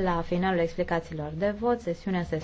La finalul explicațiilor de vot, sesiunea se